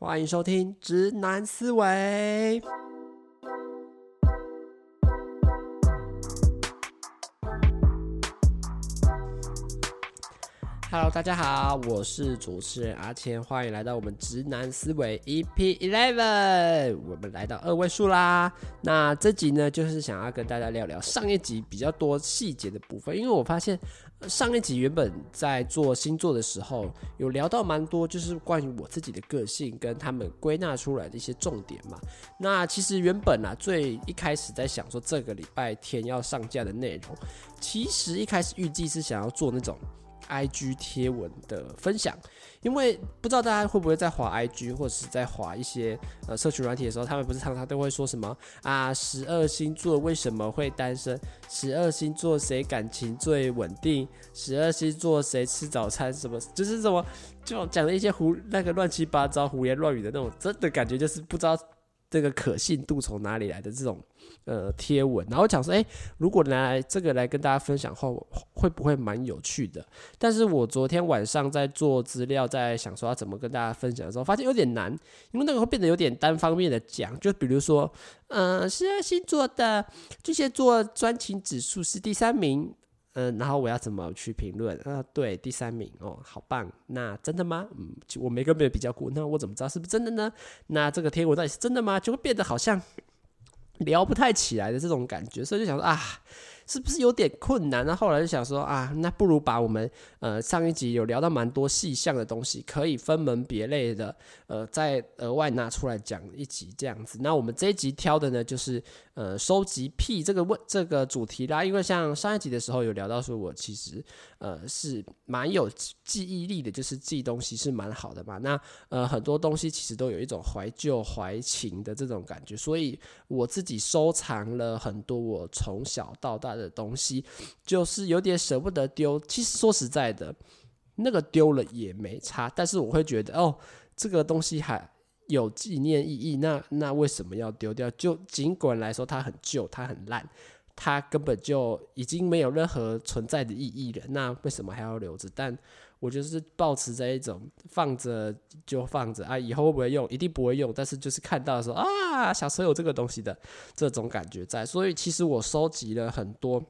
歡迎收聽《直男思維》。Hello，大家好，我是主持人阿謙，歡迎來到我們《直男思維》EP 11。我們來到二位數啦。那這集呢，就是想要跟大家聊聊上一集比較多細節的部分，因為我發現，上一集原本在做星座的時候，有聊到蠻多，就是關於我自己的個性跟他們歸納出來的一些重點嘛。那其實原本啊，最一開始在想說這個禮拜天要上架的內容，其實一開始預計是想要做那種。IG 貼文的分享，因為不知道大家會不會在滑 IG 或者是在滑一些呃社群軟體的時候，他們不是常常都會說什麼啊十二星座為什麼會單身？十二星座誰感情最穩定？十二星座誰吃早餐？什麼就是什麼就講了一些胡那個亂七八糟、胡言亂語的那種，真的感覺就是不知道。這個可信度從哪裡來的這種呃貼文，然後講說，哎，如果拿來這個來跟大家分享後會不會蠻有趣的？但是我昨天晚上在做資料，在想說要怎麼跟大家分享的時候，發現有點難，因為那個會變得有點單方面的講，就比如說，嗯，十二星座的巨蟹座專情指數是第三名。嗯，然後我要怎麼去評論？啊，對，第三名哦，好棒！那真的嗎？嗯，就我沒跟別人比較過，那我怎麼知道是不是真的呢？那這個貼文到底是真的嗎？就會變得好像聊不太起來的這種感覺，所以就想說啊。是不是有點困難？那後，後來就想說啊，那不如把我們呃上一集有聊到蠻多細項的東西，可以分門別類的呃再額外拿出來講一集這樣子。那我們這一集挑的呢，就是呃收集癖這個問這個主題啦。因為像上一集的時候有聊到說，我其實呃是蠻有記憶力的，就是記東西是蠻好的嘛。那呃很多東西其實都有一種懷舊懷情的這種感覺，所以我自己收藏了很多我從小到大的東西，就是有點捨不得丟。其實說實在的，那個丟了也沒差。但是我會覺得，哦，這個東西還有紀念意義。那那為什麼要丟掉？就儘管來說它，它很舊，它很爛，它根本就已經沒有任何存在的意義了。那為什麼還要留着？但我就是抱持在一種放着就放着啊，以後會不會用？一定不會用，但是就是看到的時候啊，小時候有這個東西的這種感覺在，所以其實我收集了很多，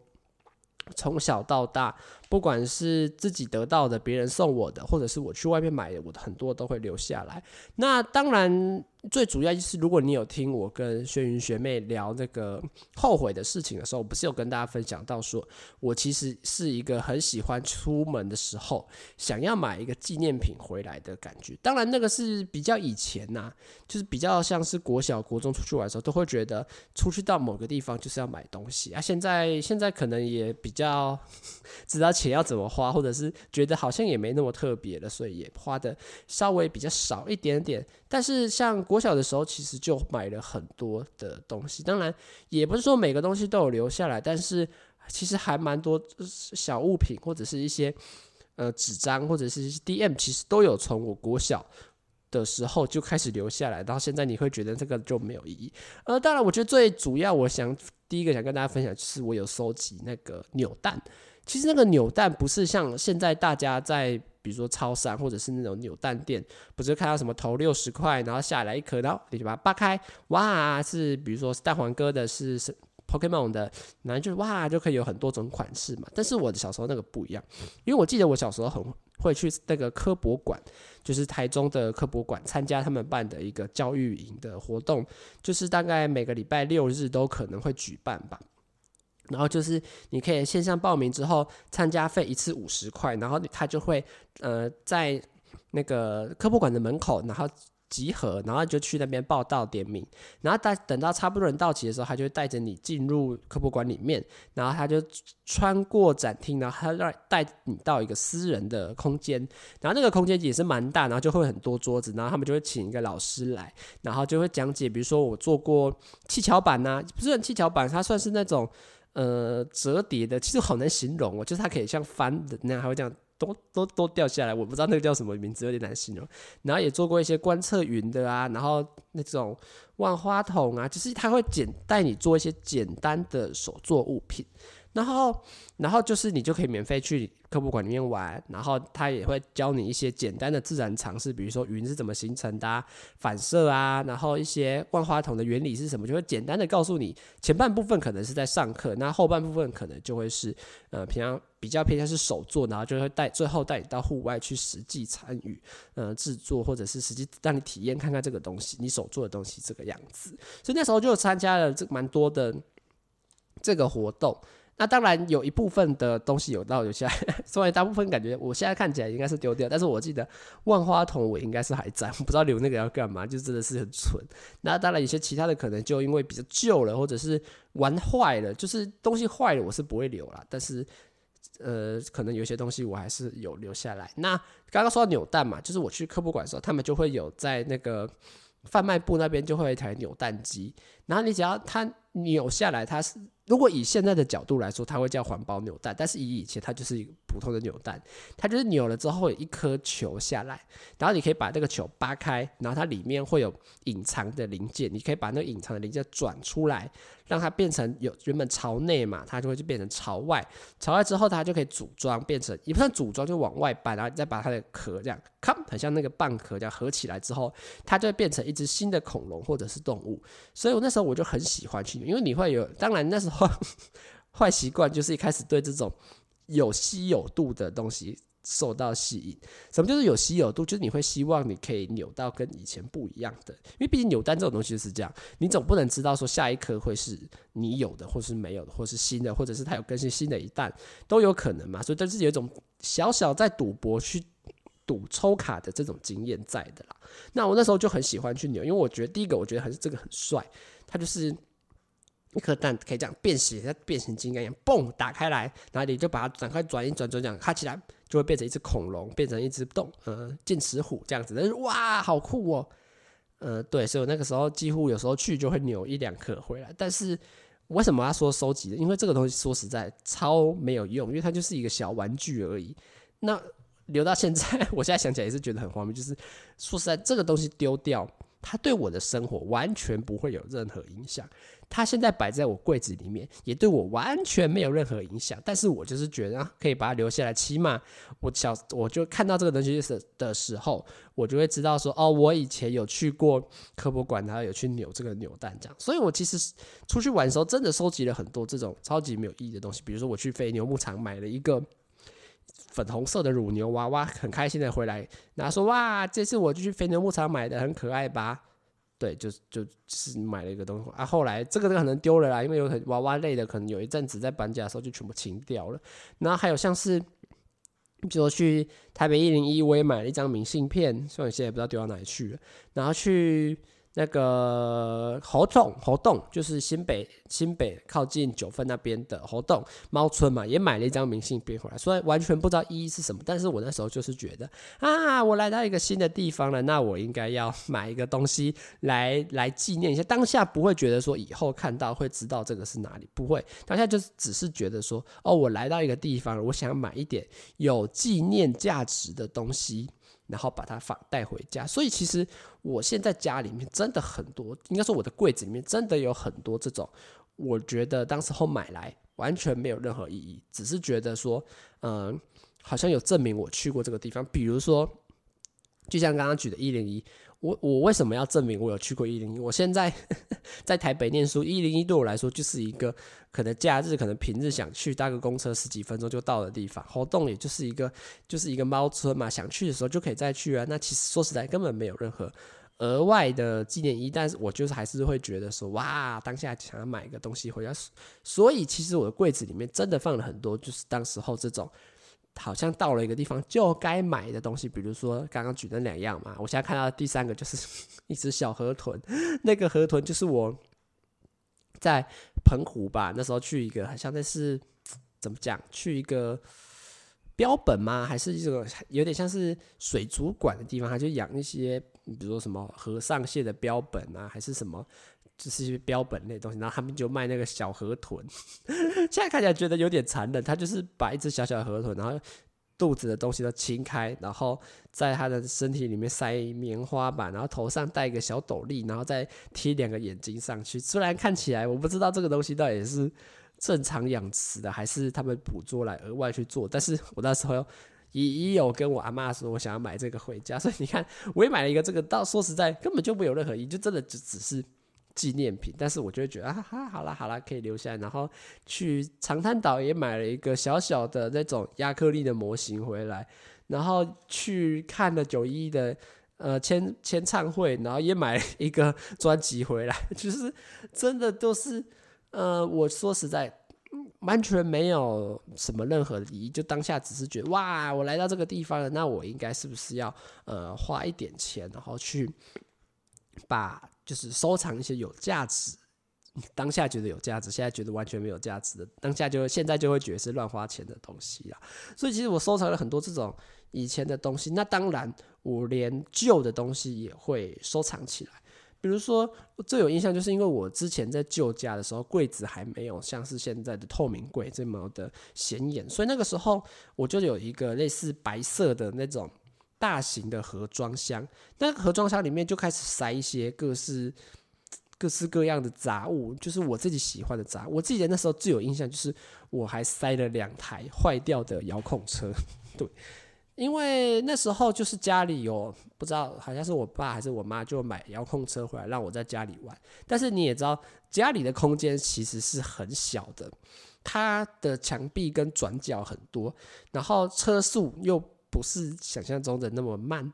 從小到大。不管是自己得到的、別人送我的，或者是我去外面買的，我的很多都會留下來。那當然，最主要就是如果你有聽我跟軒雲學妹聊那個後悔的事情的時候，我不是有跟大家分享到，說我其實是一個很喜歡出門的時候想要買一個紀念品回來的感覺。當然，那個是比較以前吶、啊，就是比較像是國小、國中出去玩的時候，都會覺得出去到某個地方就是要買東西啊。現在現在可能也比較，知道。錢要怎麼花，或者是覺得好像也沒那麼特別了，所以也花的稍微比較少一點點。但是像國小的時候，其實就買了很多的東西。當然，也不是說每個東西都有留下來，但是其實還蠻多小物品或者是一些呃紙張或者是 DM，其實都有從我國小的時候就開始留下來。到現在你會覺得這個就沒有意義。呃，當然，我覺得最主要，我想第一個想跟大家分享，就是我有收集那個扭蛋。其實那個扭蛋，不是像現在大家在，比如說超商或者是那種扭蛋店，不是看到什麼投六十塊，然後下來一顆，然後你就把它扒開，哇，是比如說是蛋黃哥的，是 Pokemon 的，然後就哇，就可以有很多種款式嘛。但是我的小時候那個不一樣，因為我記得我小時候很會去那個科博館，就是台中的科博館參加他們辦的一個教育營的活動，就是大概每個禮拜六日都可能會舉辦吧。然後就是你可以線上報名之後，參加費一次五十塊，然後他就會呃在那個科普館的門口，然後集合，然後就去那邊報到點名，然後待等到差不多人到齊的時候，他就會帶着你進入科普館裡面，然後他就穿過展廳，然後他讓帶你到一個私人的空間，然後那個空間也是蠻大，然後就會很多桌子，然後他們就會請一個老師來，然後就會講解，比如說我做過七巧板吶、啊，不是七巧板，它算是那種。呃，折疊的其實好難形容哦，就是它可以像翻的那樣，還會這樣都都都掉下來，我不知道那個叫什麼名字，有點難形容。然後也做過一些觀測雲的啊，然後那種萬花筒啊，就是它會簡帶你做一些簡單的手作物品。然後，然後就是你就可以免費去科普館裡面玩，然後他也會教你一些簡單的自然常識，比如說雲是怎麼形成的、啊、反射啊，然後一些萬花筒的原理是什麼，就會簡單的告訴你。前半部分可能是在上課，那後半部分可能就會是，呃，平常比較偏向是手做，然後就會帶最後帶你到戶外去實際參與，呃，制作或者是實際讓你體驗看看這個東西，你手做的東西這個樣子。所以那時候就參加了這蠻多的這個活動。那當然有一部分的東西有到留下來， 雖然大部分感覺我現在看起來應該是丟掉，但是我記得萬花筒我應該是還在，我不知道留那個要幹嘛，就真的是很蠢。那當然有些其他的可能就因為比較舊了，或者是玩壞了，就是東西壞了我是不會留啦。但是呃，可能有些東西我還是有留下來。那剛剛說到扭蛋嘛，就是我去科博館的時候，他們就會有在那個販賣部那邊就會有一台扭蛋機，然後你只要它扭下來，它是。如果以現在的角度來說，它會叫環保扭蛋，但是以以前它就是一個普通的扭蛋，它就是扭了之後有一顆球下來，然後你可以把這個球扒開，然後它裡面會有隱藏的零件，你可以把那個隱藏的零件轉出來，讓它變成有原本朝內嘛，它就會就變成朝外，朝外之後它就可以組裝變成，一碰組裝就往外搬，然後你再把它的殼這樣，砰，很像那個蚌殼這樣合起來之後，它就會變成一隻新的恐龍或者是動物，所以我那時候我就很喜歡去，因為你會有，當然那時候。壞習慣就是一開始對這種有稀有度的東西受到吸引，什麼就是有稀有度，就是你會希望你可以扭到跟以前不一樣的，因為畢竟扭蛋這種東西就是這樣，你總不能知道說下一顆會是你有的，或是沒有的，或是新的，或者是它有更新新的一彈都有可能嘛，所以但是有一種小小在賭博去賭抽卡的這種經驗在的啦。那我那時候就很喜歡去扭，因為我覺得第一個我覺得還是這個很帥，它就是。一顆蛋可以這樣變形，像變形金剛一樣，蹦打開來，然後你就把它展開、轉一轉、轉這樣卡起來，就會變成一隻恐龍，變成一隻洞。嗯、呃，劍齒虎這樣子的。但是哇，好酷哦！呃，對，所以我那個時候幾乎有時候去就會扭一兩顆回來。但是為什麼要說收集呢？因為這個東西說實在超沒有用，因為它就是一個小玩具而已。那留到現在，我現在想起來也是覺得很荒謬。就是說實在，這個東西丟掉。它對我的生活完全不會有任何影響，它現在擺在我櫃子裡面，也對我完全沒有任何影響。但是我就是覺得啊，可以把它留下來，起碼我小我就看到這個東西的，的時候，我就會知道說，哦，我以前有去過科博館，然後有去扭這個扭蛋這樣。所以我其實出去玩的時候，真的收集了很多這種超級沒有意義的東西，比如說我去飛牛牧場買了一個。粉紅色的乳牛娃娃很開心的回來，然後說：“哇，這次我就去飛牛牧場買的，很可愛吧？”對，就就是買了一個東西。啊，後來這個這個可能丟了啦，因為有很娃娃類的，可能有一陣子在搬家的時候就全部清掉了。然後還有像是，比如說去台北一零一，我也買了一張明信片，雖然現在也不知道丟到哪裡去了。然後去。那個猴硐猴硐就是新北新北靠近九份那邊的猴硐貓村嘛，也買了一張明信片回來，雖然完全不知道意義是什麼。但是我那時候就是覺得啊，我來到一個新的地方了，那我應該要買一個東西來來紀念一下。當下不會覺得說以後看到會知道這個是哪裡，不會，當下就是只是覺得說哦，我來到一個地方了，我想買一點有紀念價值的東西。然後把它放帶回家，所以其實我現在家裡面真的很多，應該說我的櫃子裡面真的有很多這種，我覺得當時候買來完全沒有任何意義，只是覺得說，嗯，好像有證明我去過這個地方，比如說，就像剛剛舉的“一零一”。我我為什麼要證明我有去過一零一？我現在在台北念書，一零一對我來說就是一個可能假日、可能平日想去搭個公車十幾分鐘就到的地方。活動也就是一個，就是一個貓村嘛，想去的時候就可以再去啊。那其實說實在，根本沒有任何額外的紀念意義。但是我就是還是會覺得說，哇，當下想要買一個東西回家，所以其實我的櫃子裡面真的放了很多，就是當時候這種。好像到了一個地方，就該買的東西，比如說剛剛舉的兩樣嘛。我現在看到的第三個就是一隻小河豚，那個河豚就是我在澎湖吧，那時候去一個，好像那是怎麼講？去一個標本嗎？還是一種有點像是水族館的地方，他就養一些，比如說什麼和尚蟹的標本啊，還是什麼。就是一些標本類的東西，然後他們就賣那個小河豚， 現在看起來覺得有點殘忍。他就是把一只小小河豚，然後肚子的東西都清開，然後在它的身體裡面塞棉花板，然後頭上戴一個小斗笠，然後再貼兩個眼睛上去。雖然看起來，我不知道這個東西到底是正常養殖的，還是他們捕捉來額外去做。但是我那時候也有跟我阿嬤說我想要買這個回家，所以你看，我也買了一個這個。到說實在，根本就沒有任何意義，就真的只只是。紀念品，但是我就會覺得，哈、啊、哈，好了好了，可以留下，然後去長灘島也買了一個小小的那種亞克力的模型回來，然後去看了九一一的呃簽簽唱會，然後也買了一個專輯回來。就是真的都是，呃，我說實在，完全沒有什麼任何的意義。就當下只是覺得，哇，我來到這個地方了，那我應該是不是要呃花一點錢，然後去把。就是收藏一些有價值，當下覺得有價值，現在覺得完全沒有價值的，當下就會現在就會覺得是亂花錢的東西了。所以其實我收藏了很多這種以前的東西。那當然，我連舊的東西也會收藏起來。比如說，最有印象就是因為我之前在舊家的時候，櫃子還沒有像是現在的透明櫃這麼的顯眼，所以那個時候我就有一個類似白色的那種。大型的盒裝箱，那個盒裝箱裡面就開始塞一些各式、各式各樣的雜物，就是我自己喜歡的雜物。我記得那時候最有印象，就是我還塞了兩台壞掉的遙控車。對，因為那時候就是家裡有不知道，好像是我爸還是我媽，就買遙控車回來讓我在家裡玩。但是你也知道，家裡的空間其實是很小的，它的牆壁跟轉角很多，然後車速又。不是想象中的那麼慢，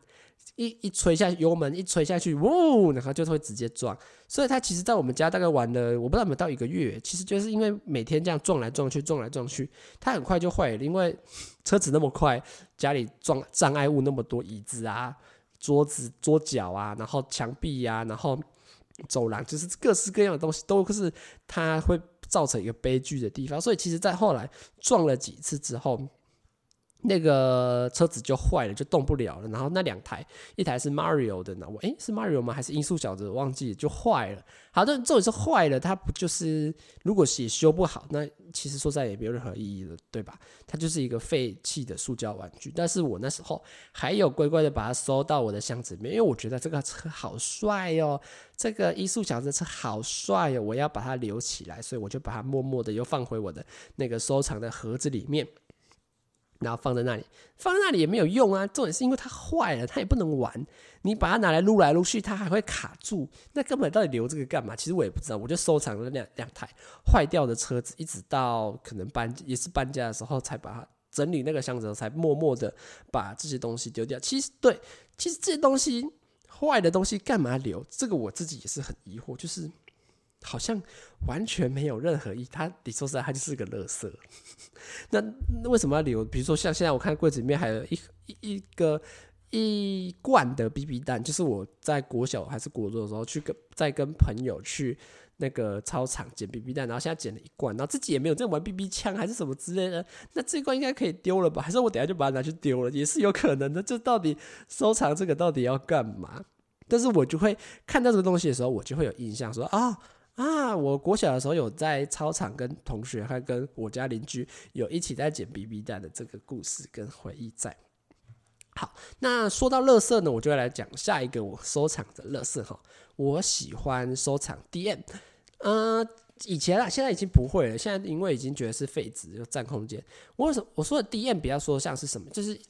一一催下去油門，一催下去，嗚，然後就會直接撞。所以他其實在我們家大概玩了，我不知道有沒有到一個月，其實就是因為每天這樣撞來撞去，撞來撞去，他很快就壞了。因為車子那麼快，家裡撞障礙物那麼多，椅子啊、桌子桌腳啊，然後牆壁啊，然後走廊，就是各式各樣的東西都是它會造成一個悲劇的地方。所以其實在後來撞了幾次之後。那個車子就壞了，就動不了了。然後那兩台，一台是 Mario 的呢，我、欸、是 Mario 嗎？還是音速小子？忘記就壞了。好的，這裡是壞了，它不就是如果是也修不好，那其實說實在也沒有任何意義了，對吧？它就是一個廢棄的塑膠玩具。但是我那時候還有乖乖的把它收到我的箱子裡面，因為我覺得這個車好帥哦，這個音速小子車好帥哦，我要把它留起來，所以我就把它默默的又放回我的那個收藏的盒子裡面。然後放在那裡，放在那裡也沒有用啊。重點是因為它壞了，它也不能玩。你把它拿來擼來擼去，它還會卡住。那根本到底留這個幹嘛？其實我也不知道。我就收藏了兩兩台壞掉的車子，一直到可能搬也是搬家的時候，才把它整理那個箱子，才默默的把這些東西丟掉。其實對，其實這些東西壞的東西幹嘛留？這個我自己也是很疑惑，就是。好像完全沒有任何意義。他，你說出來他就是個樂色。 那，那為什麼要留？比如說像現在，我看櫃子裡面還有一一一,一個一罐的 BB 彈，就是我在國小還是國中的時候去跟在跟朋友去那個操場撿 BB 彈，然後現在撿了一罐，然後自己也沒有在玩 BB 槍還是什麼之類的。那這一罐應該可以丟了吧？還是我等下就把它拿去丟了，也是有可能的。就到底收藏這個到底要幹嘛？但是我就會看到這個東西的時候，我就會有印象說啊。哦啊，我國小的時候有在操場跟同學，還跟我家鄰居有一起在撿 BB 彈的這個故事跟回憶在。好，那說到樂色呢，我就來講下一個我收藏的樂色哈。我喜歡收藏 DM，呃，以前啦，現在已經不會了，現在因為已經覺得是廢紙就佔空間。我為什麼我說的 DM 比較說像是什麼，就是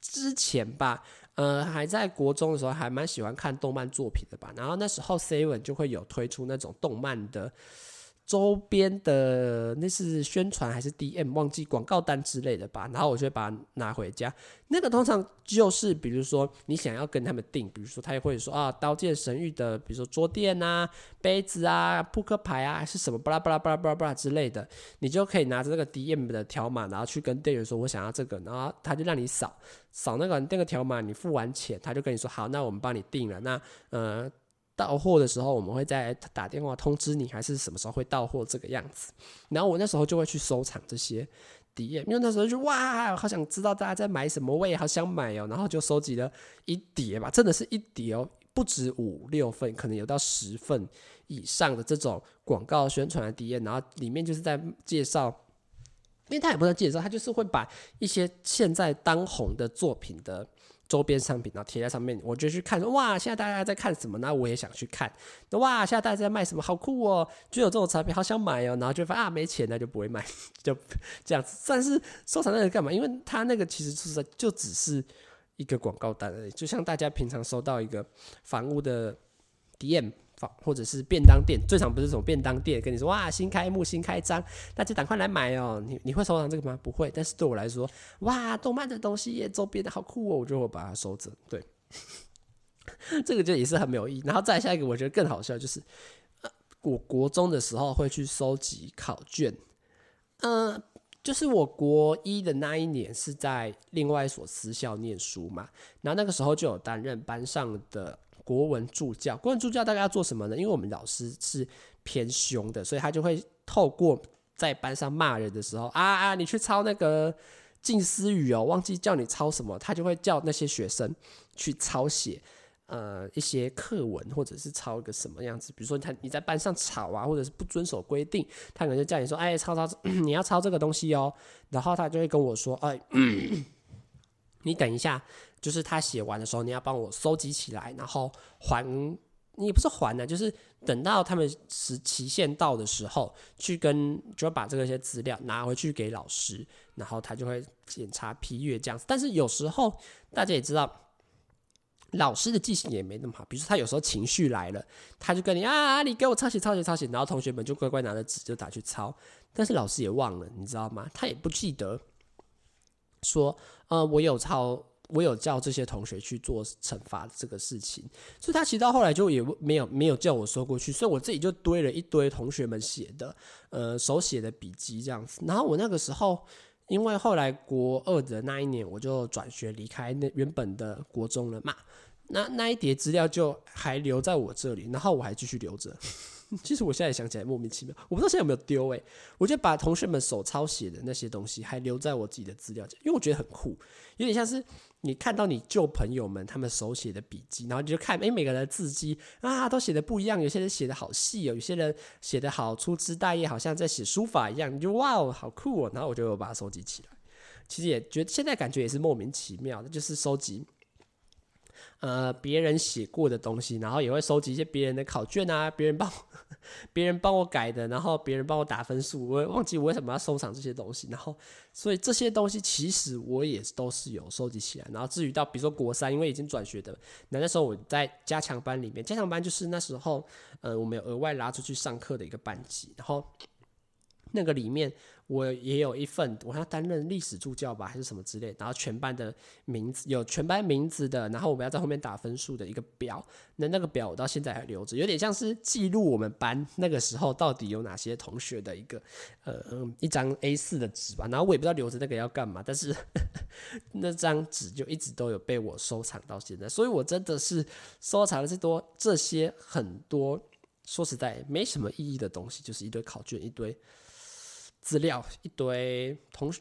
之前吧。呃，還在國中的時候，還蠻喜歡看動漫作品的吧。然後那時候 Seven 就會有推出那種動漫的。周邊的，那是宣傳還是 DM 忘記廣告單之類的吧，然後我就會把它拿回家。那個通常就是比如說你想要跟他們訂，比如說他也會說啊，刀劍神域的，比如說桌墊啊、杯子啊、撲克牌啊，還是什麼巴拉巴拉巴拉巴拉巴拉之類的，你就可以拿着這個 DM 的條碼，然後去跟店員說，我想要這個，然後他就讓你掃掃那個那個條碼，你付完錢他就跟你說好，那我們幫你訂了。那呃。到貨的時候，我們會再打電話通知你，還是什麼時候會到貨這個樣子。然後我那時候就會去收藏這些 DM，因為那時候就哇，好想知道大家在買什麼，我也好想買哦、喔。然後就收集了一疊吧，真的是一疊哦，不止五六份，可能有到十份以上的這種廣告宣傳的 DM。然後裡面就是在介紹，因為他也不能介紹，他就是會把一些現在當紅的作品的。周邊商品，然後貼在上面，我就去看，哇，現在大家在看什麼？那我也想去看，哇，現在大家在賣什麼？好酷哦、喔，就有這種產品，好想買哦、喔。然後就發現啊，沒錢那就不會買，就這樣子。算是收藏那個幹嘛？因為它那個其實是在，就只是一個廣告單而已，就像大家平常收到一個房屋的 DM。或者是便當店，最常不是什麼便當店，跟你說哇，新開幕、新開張，大家趕快來買哦、喔。你你會收藏這個嗎？不會。但是對我來說，哇，動漫的東西周邊的好酷哦、喔，我就會把它收着。對， 這個就也是很沒有意義。然後再下一個，我覺得更好笑，就是我國中的時候會去收集考卷。嗯、呃，就是我國一的那一年是在另外一所私校念書嘛，然後那個時候就有擔任班上的。國文助教，國文助教大概要做什麼呢？因為我們老師是偏凶的，所以他就會透過在班上罵人的時候，啊啊，你去抄那個靜思語哦，忘記叫你抄什麼，他就會叫那些學生去抄寫，呃，一些課文或者是抄一個什麼樣子。比如說他你在班上吵啊，或者是不遵守規定，他可能就叫你說，哎、欸，抄抄，你要抄這個東西哦。然後他就會跟我說，哎、欸嗯，你等一下。就是他寫完的時候，你要幫我收集起來，然後還你、嗯、不是還呢、啊，就是等到他們時期限到的時候，去跟就把這些資料拿回去給老師，然後他就會檢查批閱這樣。但是有時候大家也知道，老師的記性也沒那麼好，比如說他有時候情緒來了，他就跟你啊，你給我抄寫、抄寫、抄寫，然後同學們就乖乖拿着紙就打去抄。但是老師也忘了，你知道嗎？他也不記得說，呃，我有抄。我有叫這些同學去做懲罰這個事情，所以他其實到後來就也沒有沒有叫我說過去，所以我自己就堆了一堆同學們寫的，呃，手寫的筆記這樣子。然後我那個時候，因為後來國二的那一年，我就轉學離開那原本的國中了嘛，那那一疊資料就還留在我這裡，然後我還繼續留着。其實我現在想起來莫名其妙，我不知道現在有沒有丟誒、欸，我就把同學們手抄寫的那些東西還留在我自己的資料夾，因為我覺得很酷，有點像是你看到你舊朋友們他們手寫的筆記，然後你就看，哎、欸，每個人的字跡啊都寫的不一樣，有些人寫的好細哦，有些人寫的好粗枝大葉，好像在寫書法一樣，你就哇哦好酷哦，然後我就把它收集起來，其實也覺得現在感覺也是莫名其妙的，的就是收集，呃，別人寫過的東西，然後也會收集一些別人的考卷啊，別人幫別人幫我改的，然後別人幫我打分數。我也忘記我為什麼要收藏這些東西，然後所以這些東西其實我也都是有收集起來。然後至於到比如說國三，因為已經轉學的，那那時候我在加強班裡面，加強班就是那時候呃，我們，有額外拉出去上課的一個班級，然後那個裡面。我也有一份，我要擔任歷史助教吧，還是什麼之類。然後全班的名字有全班名字的，然後我們要在後面打分數的一個表。那那個表我到現在還留着，有點像是記錄我們班那個時候到底有哪些同學的一個呃一張 A 四的紙吧。然後我也不知道留着那個要幹嘛，但是呵呵那張紙就一直都有被我收藏到現在。所以，我真的是收藏了最多這些很多，說實在沒什麼意義的東西，就是一堆考卷，一堆。資料一堆，同時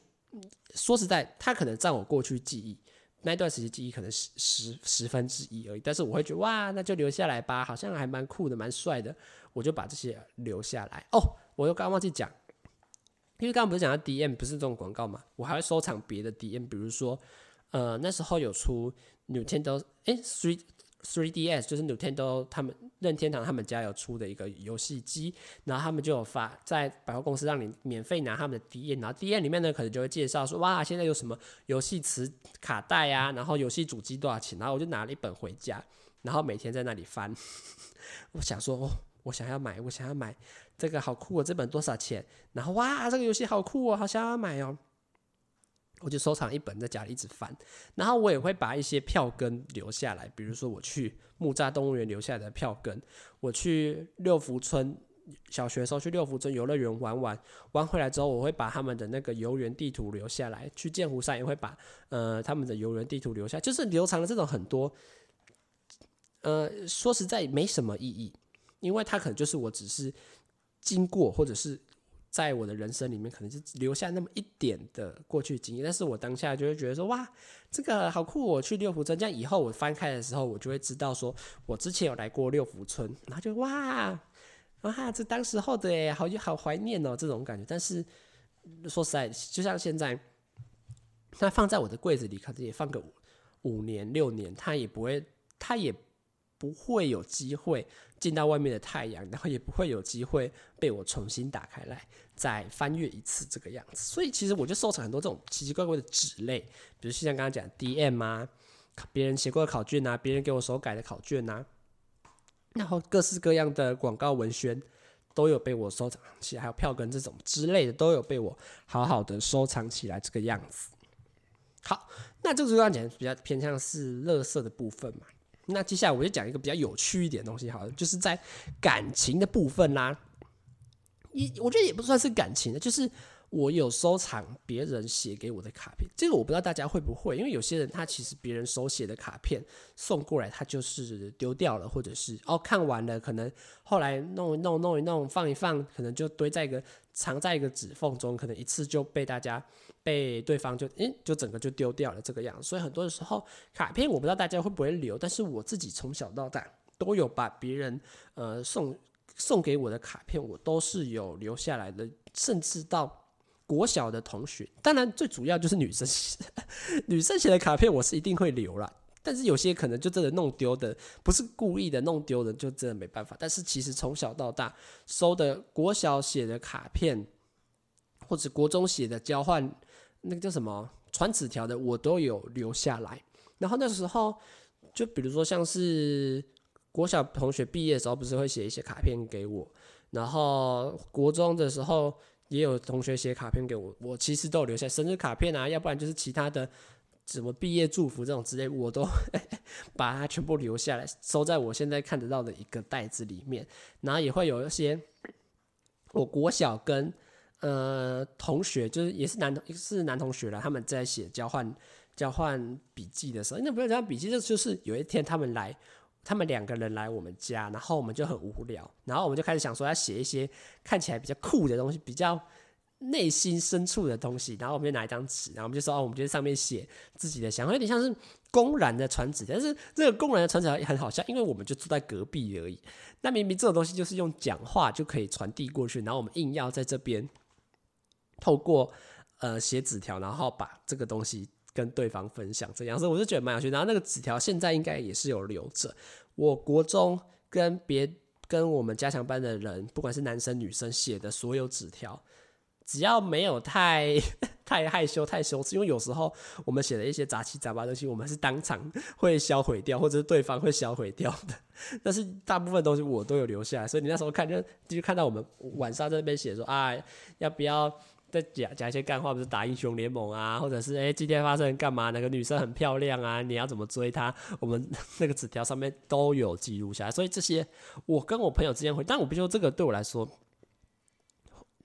說實在，他可能占我過去記憶那一段時間記憶可能十十十分之一而已，但是我會覺得哇，那就留下來吧，好像還蠻酷的，蠻帥的，我就把這些留下來。哦，我又剛剛忘記講，因為剛剛不是講到 DM 不是這種廣告嘛，我還會收藏別的 DM，比如說呃那時候有出 Nintendo 欸 3DS 就是 Nintendo，他們任天堂他們家有出的一個遊戲機，然後他們就有發在百貨公司讓你免費拿他們的 DM。然後 DM 裡面呢，可能就會介紹說哇現在有什麼遊戲池、卡帶啊，然後遊戲主機多少錢，然後我就拿了一本回家，然後每天在那裡翻，我想說哦我想要買，我想要買這個好酷哦、喔，、這本多少錢，然後哇這個遊戲好酷哦、喔，、好想要買哦、喔。我就收藏一本在家裡一直翻，然後我也會把一些票根留下來，比如說我去木柵動物園留下來的票根，我去六福村小學時候去六福村遊樂園玩玩，玩回來之後我會把他們的那個遊園地圖留下來，去劍湖山也會把呃他們的遊園地圖留下，就是留長了這種很多，呃，說實在沒什麼意義，因為他可能就是我只是經過或者是。在我的人生裡面，可能就留下那麼一點的過去經驗，但是我當下就會覺得說，哇，這個好酷！我去六福村，這樣以後我翻開的時候，我就會知道說我之前有來過六福村，然後就哇啊這當時候的、欸、好就好懷念哦、喔，這種感覺。但是說實在，就像現在，他放在我的櫃子裡，可能也放個五年六年，他也不會，他也不會有機會。見到外面的太陽，然後也不會有機會被我重新打開來再翻閱一次這個樣子。所以其實我就收藏很多這種奇奇怪怪的紙類，比如像剛剛講的 DM 啊，別人寫過的考卷啊，別人給我手改的考卷啊，然後各式各樣的廣告文宣都有被我收藏起來，還有票根這種之類的都有被我好好的收藏起來這個樣子。好，那這個階段講比較偏向是樂色的部分嘛。那接下來我就講一個比較有趣一點的東西，好了，就是在感情的部分啦。一，我覺得也不算是感情的，就是我有收藏別人寫給我的卡片。這個我不知道大家會不會，因為有些人他其實別人手寫的卡片送過來，他就是丟掉了，或者是哦看完了，可能後來弄一弄弄一弄放一放，可能就堆在一個藏在一個指縫中，可能一次就被大家。被對方就誒、欸，就整個就丟掉了這個樣子，所以很多的時候，卡片我不知道大家會不會留，但是我自己從小到大都有把別人呃送送給我的卡片，我都是有留下來的，甚至到國小的同學，當然最主要就是女生寫女生寫的卡片，我是一定會留了，但是有些可能就真的弄丟的，不是故意的弄丟的，就真的沒辦法。但是其實從小到大收的國小寫的卡片，或者國中寫的交換。那個叫什麼傳紙條的，我都有留下來。然後那時候，就比如說像是國小同學畢業的時候，不是會寫一些卡片給我？然後國中的時候，也有同學寫卡片給我，我其實都有留下生日卡片啊，要不然就是其他的什麼畢業祝福這種之類，我都 把它全部留下來，收在我現在看得到的一個袋子裡面。然後也會有一些我國小跟。呃，同學就是也是男同，是男同學啦。他們在寫交換交換筆記的時候，因為不要交換筆記，就就是有一天他們來，他們兩個人來我們家，然後我們就很無聊，然後我們就開始想說要寫一些看起來比較酷的東西，比較內心深處的東西。然後我們就拿一張紙，然後我們就說，哦，我們就在上面寫自己的想法，有點像是公然的傳紙，但是這個公然的傳紙也很好笑，因為我們就住在隔壁而已。那明明這種東西就是用講話就可以傳遞過去，然後我們硬要在這邊。透過呃寫紙條，然後把這個東西跟對方分享，這樣，所以我就覺得蠻有趣。然後那個紙條現在應該也是有留着，我國中跟別跟我們加強班的人，不管是男生女生寫的所有紙條，只要沒有太太害羞、太羞恥，因為有時候我們寫的一些雜七雜八的東西，我們是當場會銷毀掉，或者是對方會銷毀掉的。但是大部分東西我都有留下來，所以你那時候看就就看到我們晚上在那邊寫說啊要不要。在講講一些幹話，不是打英雄聯盟啊，或者是哎、欸、今天發生幹嘛？那個女生很漂亮啊？你要怎麼追她？我們那個紙條上面都有記錄下來，所以這些我跟我朋友之間會，但我必須說這個對我來說，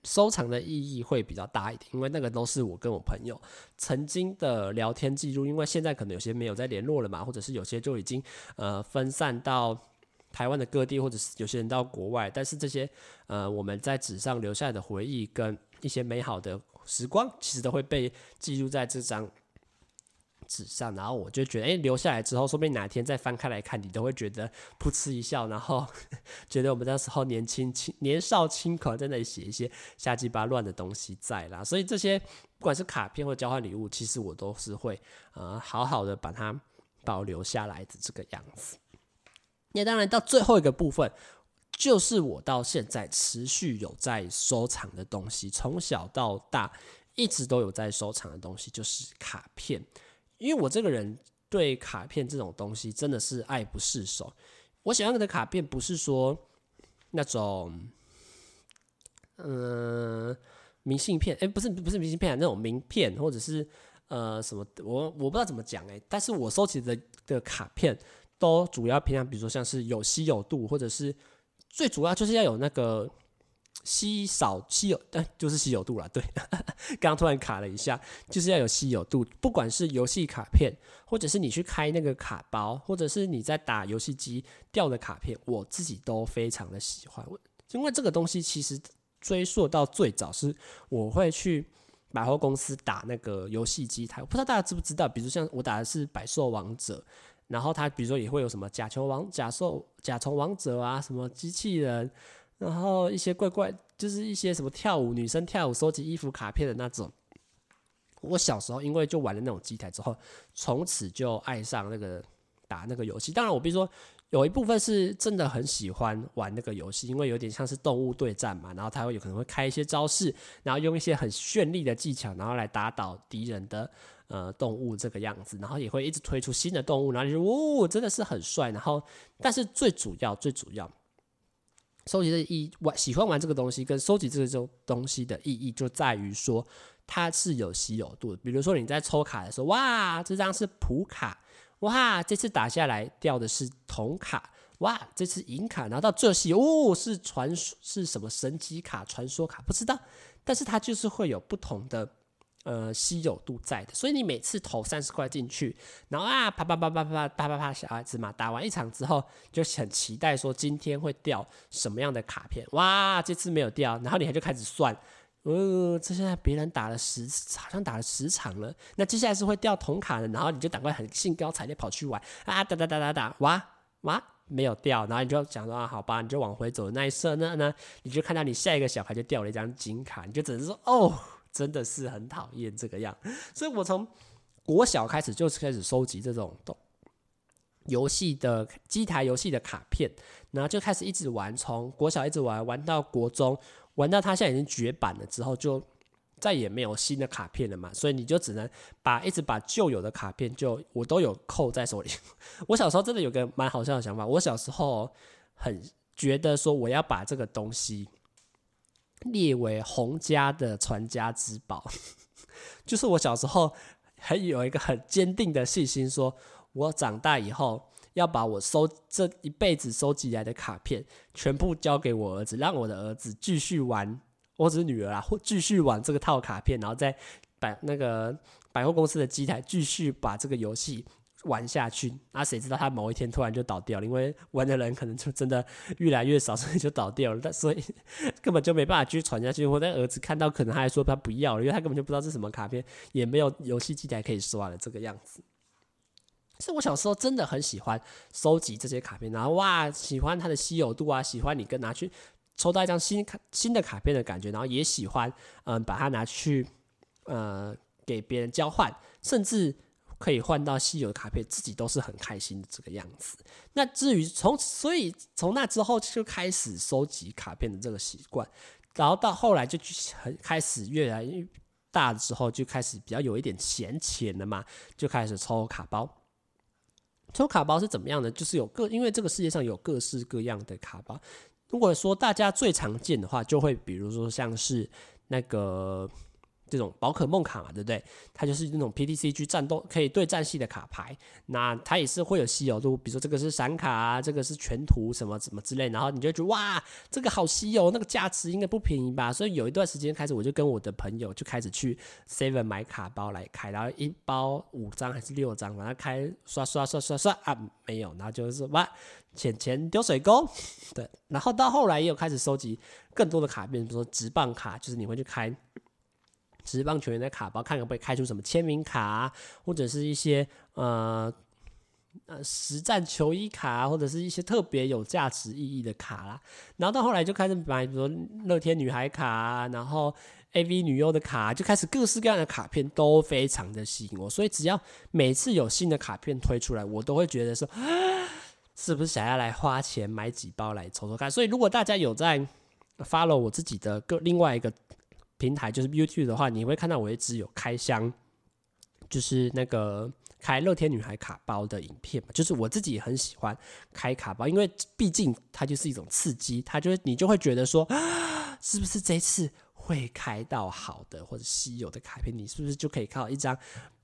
收藏的意義會比較大一點，因為那個都是我跟我朋友曾經的聊天記錄，因為現在可能有些沒有在聯絡了嘛，或者是有些就已經呃分散到，台灣的各地，或者是有些人到國外，但是這些，呃，我們在紙上留下來的回憶跟一些美好的時光，其實都會被記錄在這張紙上。然後我就覺得，哎，留下來之後，說不定哪天再翻開來看，你都會覺得噗嗤一笑，然後 覺得我們那時候年輕輕、年少輕狂，在那裡寫一些瞎雞巴亂的東西在啦。所以這些不管是卡片或交換禮物，其實我都是會，呃，好好的把它保留下來的這個樣子。那當然，到最後一個部分，就是我到現在持續有在收藏的東西，從小到大一直都有在收藏的東西，就是卡片。因為我這個人對卡片這種東西真的是愛不釋手。我喜歡的卡片不是說那種，嗯、呃，明信片，誒、欸、不是不是明信片，啊，那種名片或者是呃什麼，我我不知道怎麼講誒、欸，但是我收集的的卡片，都主要偏向，比如說像是有稀有度，或者是最主要就是要有那個稀少稀有，但就是稀有度啦。對，剛剛突然卡了一下，就是要有稀有度。不管是遊戲卡片，或者是你去開那個卡包，或者是你在打遊戲機掉的卡片，我自己都非常的喜歡。因為這個東西其實追溯到最早是我會去百貨公司打那個遊戲機台，我不知道大家知不知道？比如像我打的是《百獸王者》。然後他比如說也會有什麼甲蟲王、甲獸、甲蟲王者啊，什麼機器人，然後一些怪怪，就是一些什麼跳舞女生跳舞、收集衣服卡片的那種。我小時候因為就玩了那種機台之後，從此就愛上那個打那個遊戲。當然，我比如說。有一部分是真的很喜歡玩那個遊戲，因為有點像是動物對戰嘛，然後他會有可能會開一些招式，然後用一些很絢麗的技巧，然後來打倒敵人的呃動物這個樣子，然後也會一直推出新的動物，然後你說哦，真的是很帥。然後，但是最主要、最主要，收集的意義、玩喜歡玩這個東西跟收集這個東西的意義，就在於說它是有稀有度的。比如說你在抽卡的時候，哇，這張是普卡。哇，這次打下來掉的是銅卡。哇，這次銀卡拿到這些，哦，是傳說是什麼神奇卡？傳說卡不知道，但是它就是會有不同的呃稀有度在的。所以你每次投三十塊進去，然後啊啪啪啪啪啪啪，啪啪啪啪，小孩子嘛。打完一場之後就很期待說今天會掉什麼樣的卡片。哇，這次沒有掉，然後你還就開始算。哦、嗯，這現在別人打了十，好像打了十場了。那接下來是會掉銅卡的，然後你就趕快很興高采烈跑去玩啊，打打打打打，哇哇，沒有掉，然後你就想說啊，好吧，你就往回走的那一剎那呢，你就看到你下一個小孩就掉了一張金卡，你就只是說哦，真的是很討厭這個樣。所以我從國小開始就開始收集這種東。遊戲的機台，遊戲的卡片，然後就開始一直玩，從國小一直玩，玩到國中，玩到它現在已經絕版了，之後就再也沒有新的卡片了嘛，所以你就只能把一直把舊有的卡片，就我都有扣在手裡。我小時候真的有個蠻好笑的想法，我小時候很覺得說我要把這個東西列為洪家的傳家之寶，就是我小時候還有一個很堅定的信心說。我長大以後要把我收這一輩子收集來的卡片全部交給我兒子，讓我的兒子繼續玩，我只是女兒啊，或繼續玩這個套卡片，然後在百那個百貨公司的機台繼續把這個遊戲玩下去。那誰知道他某一天突然就倒掉了，因為玩的人可能就真的越來越少，所以就倒掉了。但所以根本就沒辦法繼續傳下去。或者兒子看到可能他還說他不要了，因為他根本就不知道是什麼卡片，也沒有遊戲機台可以刷了，這個樣子。是我小時候真的很喜歡收集這些卡片，然後哇，喜歡它的稀有度啊，喜歡你跟拿去抽到一張新卡新的卡片的感覺，然後也喜歡嗯、呃、把它拿去、呃、給別人交換，甚至可以換到稀有卡片，自己都是很開心的這個樣子。那至於從所以從那之後就開始收集卡片的這個習慣，然後到後來就很開始越來越大的時候就開始比較有一點閒錢了嘛，就開始抽卡包。抽卡包是怎麼樣的？就是有各，因為這個世界上有各式各樣的卡包。如果說大家最常見的話，就會比如說像是那個。這種寶可夢卡嘛，對不對？它就是那種 PTCG 去戰鬥可以對戰系的卡牌，那它也是會有稀有度，比如說這個是閃卡啊，這個是全圖什麼什麼之類，然後你就覺得哇，這個好稀有，那個價值應該不便宜吧？所以有一段時間開始，我就跟我的朋友就開始去 Seven 買卡包來開，然後一包五張還是六張，然後開刷刷刷刷刷啊，沒有，然後就是哇，錢錢丟水溝。對，然後到後來也有開始收集更多的卡片，比如說職棒卡，就是你會去開。職棒球員的卡包，看看會開出什麼簽名卡、啊，或者是一些呃呃實戰球衣卡、啊，或者是一些特別有價值意義的卡啦、啊。然後到後來就開始買，比如樂天女孩卡、啊，然後 AV 女優的卡、啊，就開始各式各樣的卡片都非常的吸引我。所以只要每次有新的卡片推出來，我都會覺得說，是不是想要來花錢買幾包來抽抽看？所以如果大家有在 follow 我自己的個另外一個。平台就是 YouTube 的話，你會看到我一直有開箱，就是那個開樂天女孩卡包的影片嘛。就是我自己也很喜歡開卡包，因為畢竟它就是一種刺激，它就是你就會覺得說，是不是這一次會開到好的或者稀有的卡片？你是不是就可以看到一張，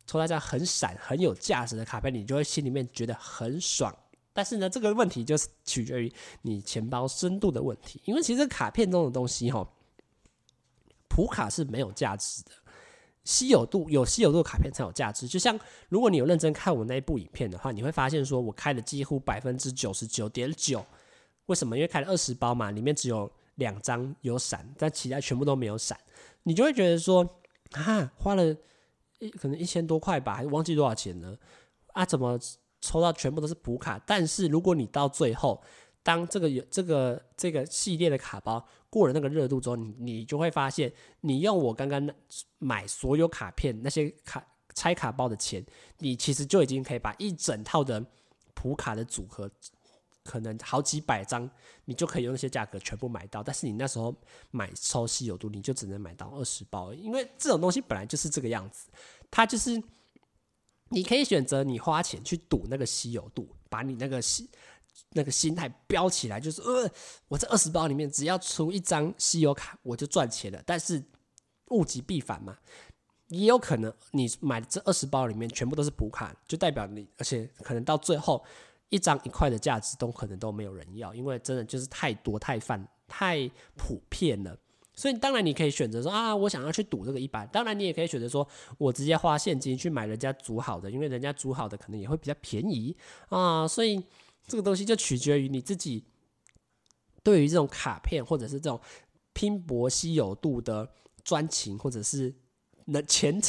抽到一張很閃很有價值的卡片？你就會心裡面覺得很爽。但是呢，這個問題就是取決於你錢包深度的問題，因為其實卡片這種東西哈。普卡是沒有價值的，稀有度有稀有度的卡片才有價值。就像如果你有認真看我那一部影片的話，你會發現說我開了幾乎百分之九十九點九，為什麼？因為開了二十包嘛，裡面只有兩張有閃，但其他全部都沒有閃，你就會覺得說啊，花了一可能一千多塊吧，還是忘記多少錢了啊，怎麼抽到全部都是普卡？但是如果你到最後，當這個有這個這個系列的卡包，過了那個熱度之後，你你就會發現，你用我剛剛買所有卡片那些卡拆卡包的錢，你其實就已經可以把一整套的普卡的組合，可能好幾百張，你就可以用那些價格全部買到。但是你那時候買超稀有度，你就只能買到二十包，因為這種東西本來就是這個樣子，它就是你可以選擇你花錢去賭那個稀有度，把你那個稀。那個心態飆起來，就是呃，我這二十包裡面只要出一張稀有卡，我就賺錢了。但是物極必反嘛，也有可能你買這二十包裡面全部都是普卡，就代表你，而且可能到最後一張一塊的價值都可能都沒有人要，因為真的就是太多太泛太普遍了。所以當然你可以選擇說啊，我想要去賭這個一百。當然你也可以選擇說我直接花現金去買人家組好的，因為人家組好的可能也會比較便宜啊、呃。所以。這個東西就取決於你自己對於這種卡片或者是這種拼搏稀有度的專情，或者是能錢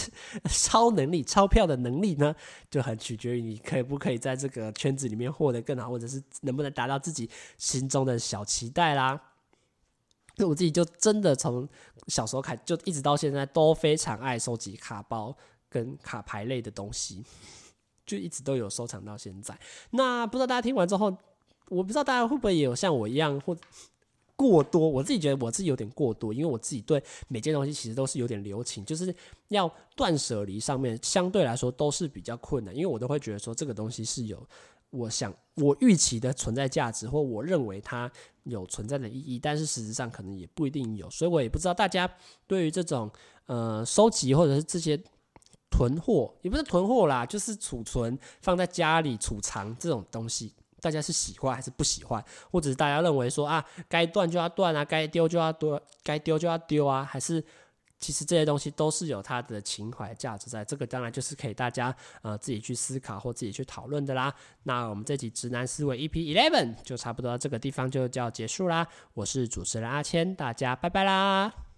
超能力鈔票的能力呢，就很取決於你可以不可以在這個圈子裡面獲得更好，或者是能不能達到自己心中的小期待啦。那我自己就真的從小時候開始就一直到現在都非常愛收集卡包跟卡牌類的東西。就一直都有收藏到現在。那不知道大家聽完之後，我不知道大家會不會也有像我一樣或過多。我自己覺得我自己有點過多，因為我自己對每件東西其實都是有點留情，就是要斷舍離上面相對來說都是比較困難。因為我都會覺得說這個東西是有我想我預期的存在價值，或我認為它有存在的意義，但是事實上可能也不一定有。所以我也不知道大家對於這種呃收集或者是這些。囤貨也不是囤貨啦，就是儲存放在家裡儲藏這種東西，大家是喜歡還是不喜歡？或者是大家認為說啊，該斷就要斷啊，該丟就要丟，該丟就要丟啊？還是其實這些東西都是有它的情懷價值在？這個當然就是可以大家呃自己去思考或自己去討論的啦。那我們這集直男思維 EP Eleven 就差不多到這個地方就就要結束啦。我是主持人阿謙，大家拜拜啦。